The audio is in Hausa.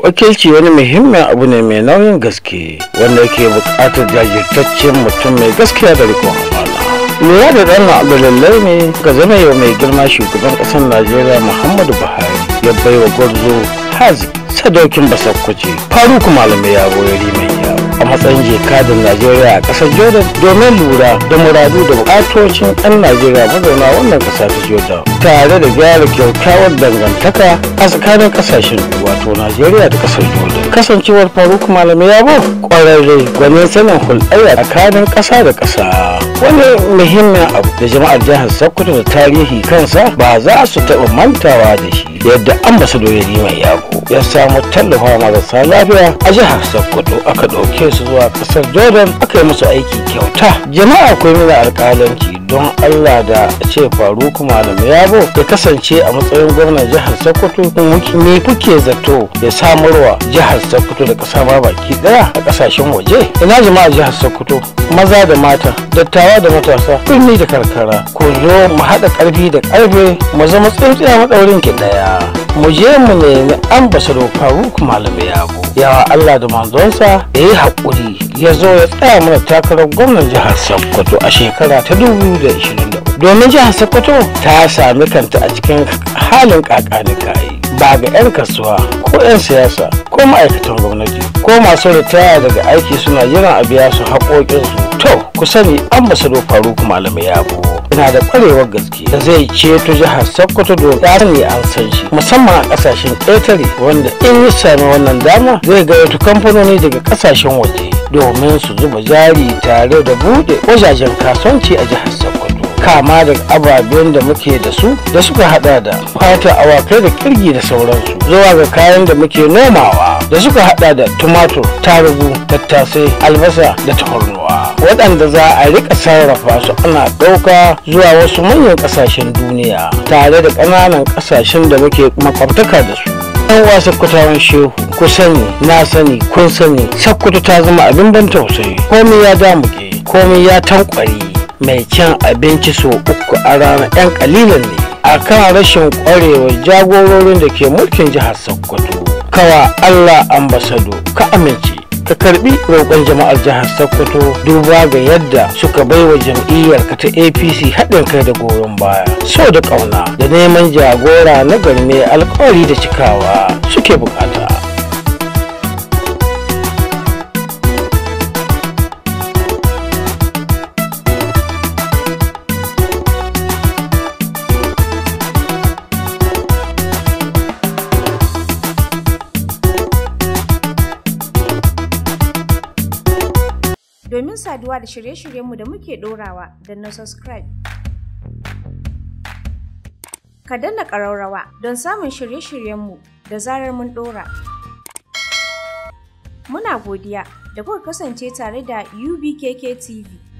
wakilci wani muhimmin abu ne mai nauyin gaske wanda ke buƙatar jajirtaccen mutum mai gaskiya da rikon amala. lura da ɗan lallai ne ga zama yau mai girma shugaban ƙasar najeriya muhammadu buhari ya baiwa gwarzo haz sadaukin basakkuce faruku malamai yaro ya mai a matsayin jekadin najeriya a ƙasar jordan domin lura da muradu da bukatocin 'yan najeriya mazauna wannan ƙasa ta jordan tare da gyara kyautawar dangantaka a tsakanin ƙasashen wato najeriya da ƙasar jordan kasancewar faruk malamai ya ba ƙwararre gwanin sanin a tsakanin ƙasa da ƙasa wani muhimmin abu da jama'ar jihar sokoto da tarihi kansa ba za su taɓa mantawa da shi yadda ambasador ya mai yago ya samu tallafa marasa lafiya a jihar sokoto aka ɗauke su zuwa ƙasar jordan aka yi musu aiki kyauta jama'a kuma da alƙalanci don allah da ce faruk kuma yabo ya kasance a matsayin gwamnan jihar sokoto me kuke zato ya samarwa jihar sokoto da kasa ma baki daya a kasashen waje ina jama'a jihar sokoto maza da mata dattawa da matasa kunni da karkara ko zo mu haɗa karfi da karfe mu zama tsintsiya maɗaurin ki ɗaya mu je mu nemi ambasado faruk malam yabo yawa Allah da manzonsa ya yi haƙuri ya zo ya tsaya mana takarar gwamnan jihar Sokoto a shekara ta 2023 domin jihar Sokoto ta sami kanta a cikin halin kakanikayi ba ga 'yan kasuwa ko 'yan siyasa ko ma'aikatan gwamnati ko masu ritaya daga aiki suna jiran a biya su haƙoƙinsu ku sani ambasado faruk malam yabo yana da kwarewar gaske da zai ceto jihar sokoto da tsari ne an san shi musamman a kasashen ƙetare wanda in ya sami wannan dama zai gayyato kamfanoni daga kasashen waje domin su zuba jari tare da bude wajajen kasuwanci a jihar sokoto kama daga ababen da muke da su da suka hada da fata awakai da kirgi da sauransu zuwa ga kayan da muke nomawa da suka hada da tumatur tarugu tattasai albasa da tafarnuwa waɗanda za a rika sarrafa su ana ɗauka zuwa wasu manyan ƙasashen duniya tare da ƙananan ƙasashen da muke makwabtaka da su yan uwa kutawan shehu ku sani na sani kun sani sakkwato ta zama abin ban tausayi komai ya damuke komai ya tankwari mai cin abinci sau uku a rana yan ƙalilan ne A akan rashin ƙwarewar jagororin da ke mulkin jihar sakkwato kawa allah ambasado ka amince ka karbi roƙon jama'ar jihar sokoto duba ga yadda suka baiwa jam'iyyar ta apc haɗin kai da goyon baya so da ƙauna da neman jagora na garme alkawari da cikawa suke buƙata domin saduwa da shirye-shiryenmu da muke ɗorawa da na subscribe. Ka danna ƙaraurawa don samun shirye-shiryenmu da zarar mun ɗora. Muna godiya da kuka kasance tare da UBKK TV.